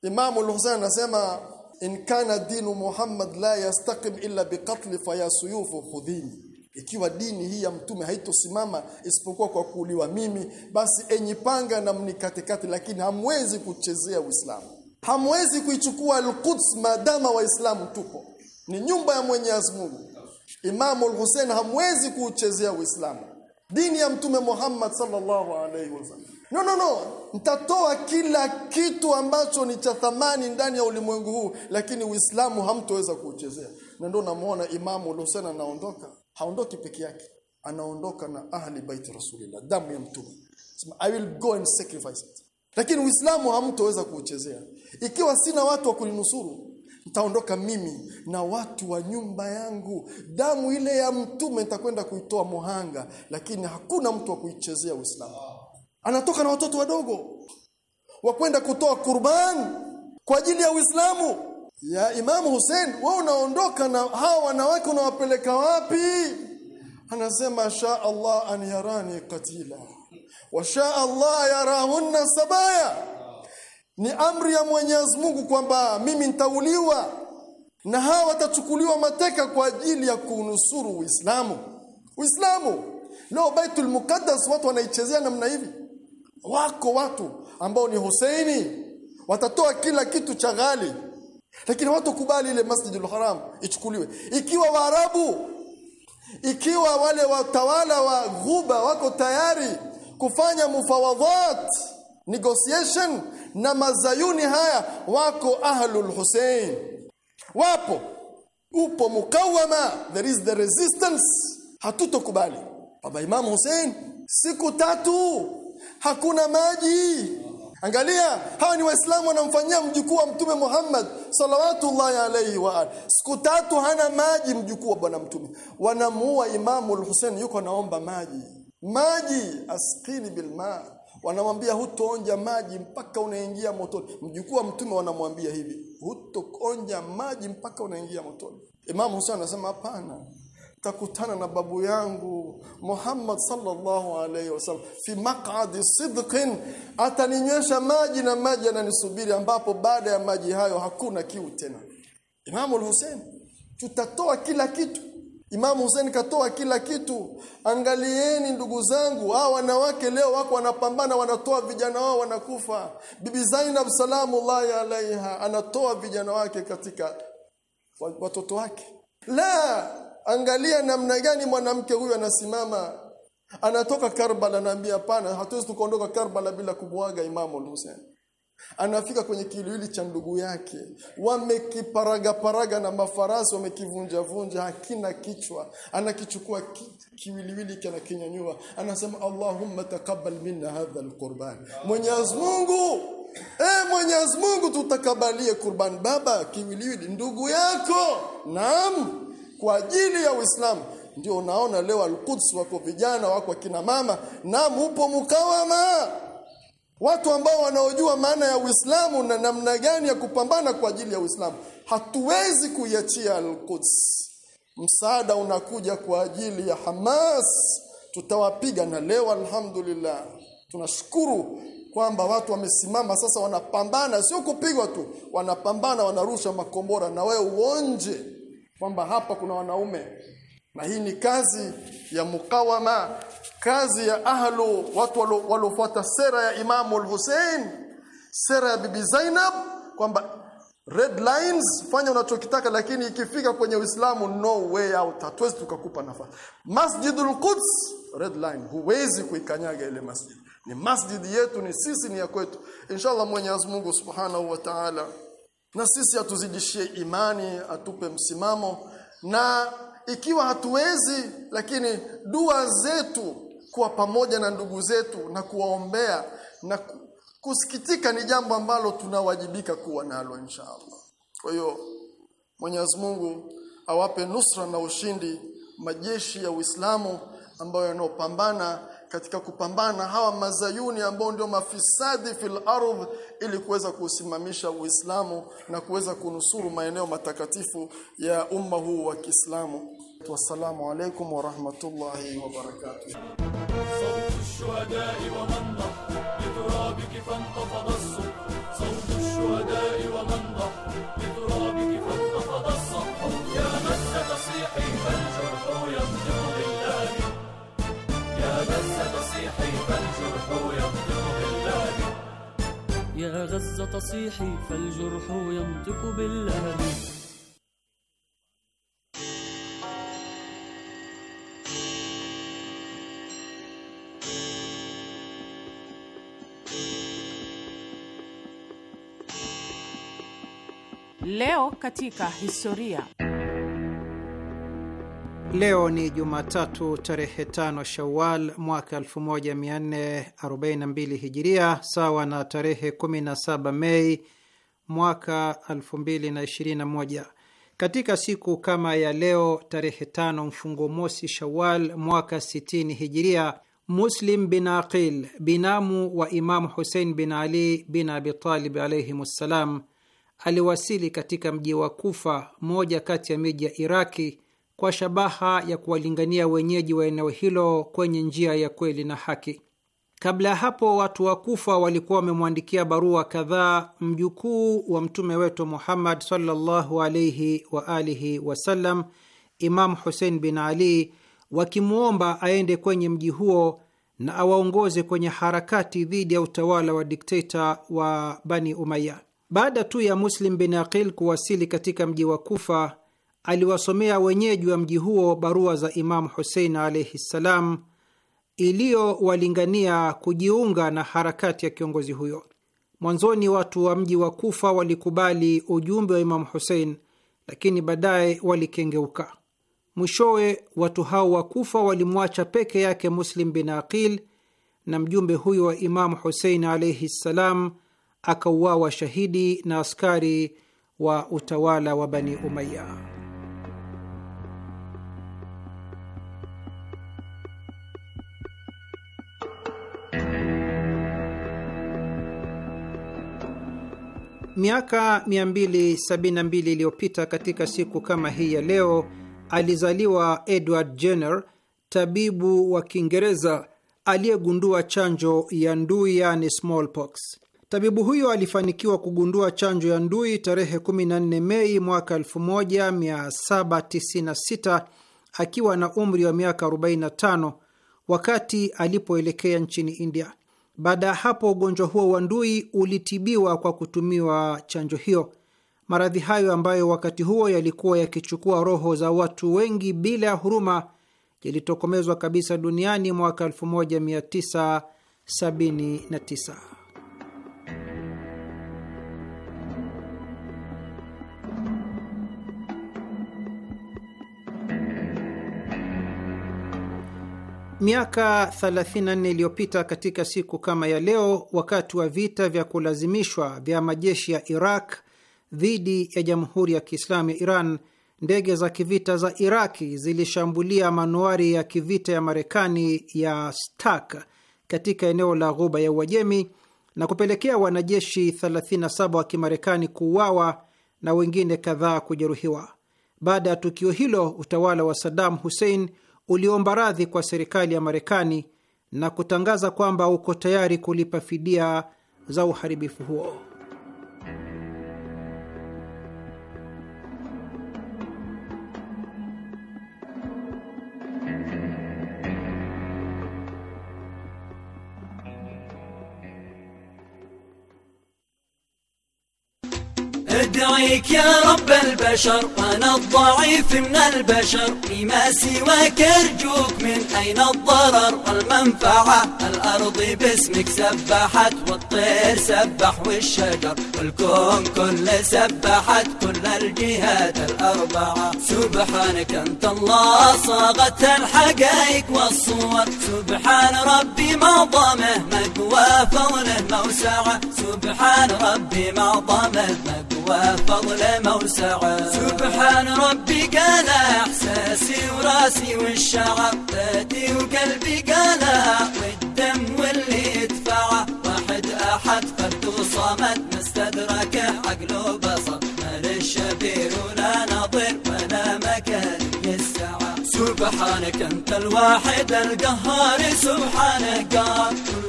Imam al-Husayn anasema in kana dinu Muhammad la yastaqim illa biqatl fa ya suyufu khudhini ikiwa dini hii ya mtume haitosimama isipokuwa kwa kuuliwa mimi basi enyi panga na mnikatekate lakini hamwezi kuchezea Uislamu hamwezi kuichukua al-Quds maadama waislamu tupo ni nyumba ya Mwenyezi Mungu. Imamu al-Hussein hamwezi kuuchezea Uislamu, dini ya Mtume Muhammad sallallahu alaihi wasallam. No, no, no, mtatoa kila kitu ambacho ni cha thamani ndani ya ulimwengu huu, lakini Uislamu hamtoweza kuuchezea. Na ndio namuona Imamu al-Hussein anaondoka, haondoki peke yake, anaondoka na ahli baiti Rasulillah, damu ya Mtume. Sema I will go and sacrifice it. Lakini Uislamu hamtoweza kuuchezea ikiwa sina watu wa kulinusuru nitaondoka mimi na watu wa nyumba yangu damu ile ya mtume nitakwenda kuitoa mohanga lakini hakuna mtu wa kuichezea uislamu anatoka na watoto wadogo wa kwenda kutoa kurban kwa ajili ya uislamu ya imamu Hussein wewe unaondoka na hawa wanawake unawapeleka wapi anasema sha Allah an yarani katila wa sha Allah yarahunna sabaya ni amri ya Mwenyezi Mungu kwamba mimi nitauliwa na hawa watachukuliwa mateka kwa ajili ya kunusuru Uislamu. Uislamu leo Baitul Muqaddas watu wanaichezea namna hivi. Wako watu ambao ni Huseini watatoa kila kitu cha ghali, lakini watu kubali ile Masjidul Haram ichukuliwe. Ikiwa Waarabu, ikiwa wale watawala wa Ghuba wako tayari kufanya mufawadhat negotiation na mazayuni haya wako ahlul Hussein wapo upo mukawama there is the resistance hatutokubali baba Imam Hussein siku tatu hakuna maji Angalia, hawa ni Waislamu wanamfanyia mjukuu wa Mtume Muhammad salawatullahi alayhi wa ali. Siku tatu hana maji mjukuu wa Bwana Mtume, wanamuua Imamu al-Husain, yuko naomba maji. Maji, asqini bilma wanamwambia hutoonja maji mpaka unaingia motoni. Mjukuu wa mtume wanamwambia hivi, hutoonja maji mpaka unaingia motoni. Imam Hussein anasema hapana, takutana na babu yangu Muhammad sallallahu alaihi wasallam fi maq'adi sidqin, ataninywesha maji na maji ananisubiri ambapo baada ya maji hayo hakuna kiu tena. Imam Hussein, tutatoa kila kitu Imamu Hussein katoa kila kitu. Angalieni ndugu zangu, hawa wanawake leo wako wanapambana, wanatoa vijana wao wanakufa. Bibi Zainab salamullahi alaiha anatoa vijana wake katika watoto wake. La, angalia namna gani mwanamke huyu anasimama, anatoka Karbala, anaambia hapana, hatuwezi tukaondoka Karbala bila kumwaga Imamu Hussein anafika kwenye kiwiliwili cha ndugu yake wamekiparaga paraga na mafarasi wamekivunja vunja hakina kichwa anakichukua ki, kiwiliwili kanakinyanyua anasema Allahumma takabal minna hadha alqurban Mwenyezi Mungu eh Mwenyezi Mungu tutakabalie kurban baba kiwiliwili ndugu yako naam kwa ajili ya Uislamu ndio unaona leo alquds wako vijana wako akina mama na upo mukawama watu ambao wanaojua maana ya Uislamu na namna gani ya kupambana kwa ajili ya Uislamu. Hatuwezi kuiachia Al-Quds. Msaada unakuja kwa ajili ya Hamas, tutawapiga na leo. Alhamdulillah, tunashukuru kwamba watu wamesimama sasa, wanapambana, sio kupigwa tu, wanapambana, wanarusha makombora, na wewe uonje kwamba hapa kuna wanaume, na hii ni kazi ya mukawama kazi ya ahlu watu waliofuata sera ya Imamu al-Hussein sera ya Bibi Zainab kwamba red lines fanya unachokitaka lakini ikifika kwenye Uislamu no way out hatuwezi tukakupa nafasi Masjidul Quds red line huwezi kuikanyaga ile masjid ni masjid yetu ni sisi ni ya kwetu inshallah Mwenyezi Mungu Subhanahu wa Ta'ala na sisi atuzidishie imani atupe msimamo na ikiwa hatuwezi lakini dua zetu kuwa pamoja na ndugu zetu na kuwaombea na kusikitika ni jambo ambalo tunawajibika kuwa nalo inshallah Kwa hiyo Mwenyezi Mungu awape nusra na ushindi majeshi ya Uislamu ambayo yanopambana katika kupambana hawa mazayuni ambao ndio mafisadi fil ardh ili kuweza kusimamisha Uislamu na kuweza kunusuru maeneo matakatifu ya umma huu wa Kiislamu. والسلام عليكم ورحمة الله وبركاته صوت الشهداء ومن ضح لترابك فانتفض الصوت صوت الشهداء ومن ضح لترابك فانتفض الصوت يا بس تصيحي فالجرح يبدو بالله يا بس تصيحي فالجرح يبدو بالله يا غزة تصيحي فالجرح ينطق بالله Leo katika historia. Leo ni Jumatatu tarehe tano Shawal mwaka 1442 Hijiria, sawa na tarehe 17 Mei mwaka 2021. Katika siku kama ya leo tarehe tano mfungo mosi Shawal mwaka 60 Hijiria, Muslim bin Aqil, binamu wa Imamu Husein bin Ali bin Abitalib alaihim ssalam aliwasili katika mji wa Kufa, moja kati ya miji ya Iraki, kwa shabaha ya kuwalingania wenyeji wa eneo hilo kwenye njia ya kweli na haki. Kabla ya hapo watu wa Kufa walikuwa wamemwandikia barua kadhaa mjukuu wa mtume wetu Muhammad sallallahu alaihi wa alihi wasallam, Imam Husein bin Ali, wakimwomba aende kwenye mji huo na awaongoze kwenye harakati dhidi ya utawala wa dikteta wa Bani Umaya. Baada tu ya Muslim bin Aqil kuwasili katika mji wa Kufa, aliwasomea wenyeji wa mji huo barua za Imamu Husein alaihi ssalam, iliyowalingania kujiunga na harakati ya kiongozi huyo. Mwanzoni watu wa mji wa Kufa walikubali ujumbe wa Imamu Husein, lakini baadaye walikengeuka. Mwishowe watu hao wa Kufa walimwacha peke yake Muslim bin Aqil na mjumbe huyo wa Imamu Husein alaihi ssalam akauawa shahidi na askari wa utawala wa Bani Umaya. Miaka 272 iliyopita katika siku kama hii ya leo alizaliwa Edward Jenner, tabibu wa Kiingereza aliyegundua chanjo ya ndui, yani smallpox. Tabibu huyo alifanikiwa kugundua chanjo ya ndui tarehe 14 Mei mwaka 1796 akiwa na umri wa miaka 45 wakati alipoelekea nchini India. Baada ya hapo, ugonjwa huo wa ndui ulitibiwa kwa kutumiwa chanjo hiyo. Maradhi hayo ambayo wakati huo yalikuwa yakichukua roho za watu wengi bila ya huruma yalitokomezwa kabisa duniani mwaka 1979. Miaka 34 iliyopita katika siku kama ya leo, wakati wa vita vya kulazimishwa vya majeshi ya Iraq dhidi ya Jamhuri ya Kiislamu ya Iran, ndege za kivita za Iraki zilishambulia manuari ya kivita ya Marekani ya stak katika eneo la Ghuba ya Uajemi na kupelekea wanajeshi 37 wa Kimarekani kuuawa na wengine kadhaa kujeruhiwa. Baada ya tukio hilo, utawala wa Saddam Hussein uliomba radhi kwa serikali ya Marekani na kutangaza kwamba uko tayari kulipa fidia za uharibifu huo. ادعيك يا رب البشر أنا الضعيف من البشر لما سواك أرجوك من أين الضرر والمنفعة الأرض باسمك سبحت والطير سبح والشجر والكون كل سبحت كل الجهات الأربعة سبحانك أنت الله صاغت الحقائق والصور سبحان ربي معظمه مقوى فضله موسعه سبحان ربي معظمه مقوى وفضل موسع سبحان ربي قال إحساسي وراسي والشعب ذاتي وقلبي قال والدم واللي يدفعه واحد أحد فرد وصمد ما استدركه عقله سبحانك أنت الواحد القهار سبحانك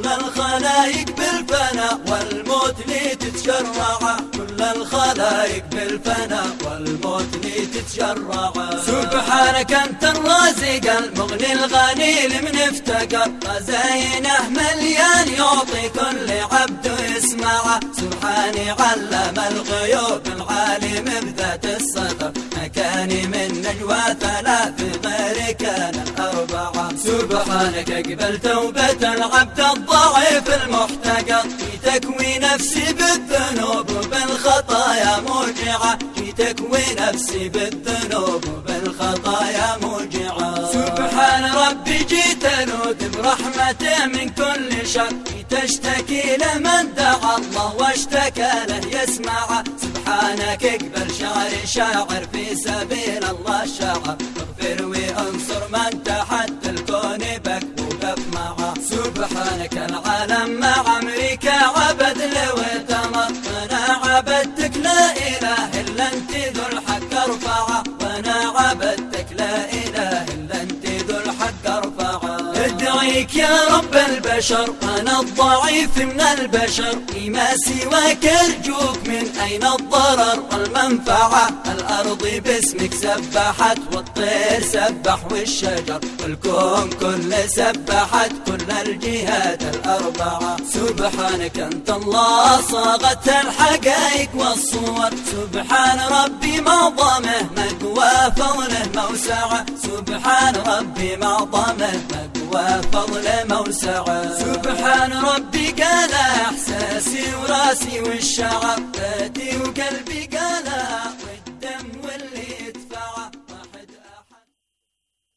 كل الخلايق بالفناء والموت لي تتشرع كل الخلايق بالفناء والموت لي تتشرع سبحانك أنت الرازق المغني الغني لمن افتقر خزاينه مليان يعطي كل عبد يسمعه سبحاني علم الغيوب العالم بذات الصدر الثاني من نجوى ثلاث غير كان أربعة سبحانك اقبل توبة العبد الضعيف المحتقر تكوي نفسي بالذنوب موجعة مرجعة تكوي نفسي بالذنوب وبالخطايا موجعة سبحان ربي جيت أنود برحمته من كل شر تشتكي لمن دعا الله شاعر في سبيل الله شاعر اغفر وانصر من تحت البشر أنا الضعيف من البشر لما سواك أرجوك من أين الضرر المنفعة الأرض باسمك سبحت والطير سبح والشجر الكون كل سبحت كل الجهات الأربعة سبحانك أنت الله صاغت الحقائق والصور سبحان ربي معظمه مقوى فضله موسعه سبحان ربي معظمه مقوى فضله موسعه سبحان ربي قال احساسي وراسي والشعب فاتي وقلبي قال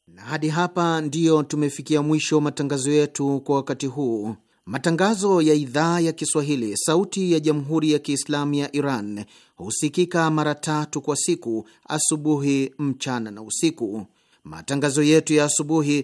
na hadi hapa ndiyo tumefikia mwisho matangazo yetu kwa wakati huu Matangazo ya idhaa ya Kiswahili sauti ya jamhuri ya Kiislamu ya Iran husikika mara tatu kwa siku: asubuhi, mchana na usiku. Matangazo yetu ya asubuhi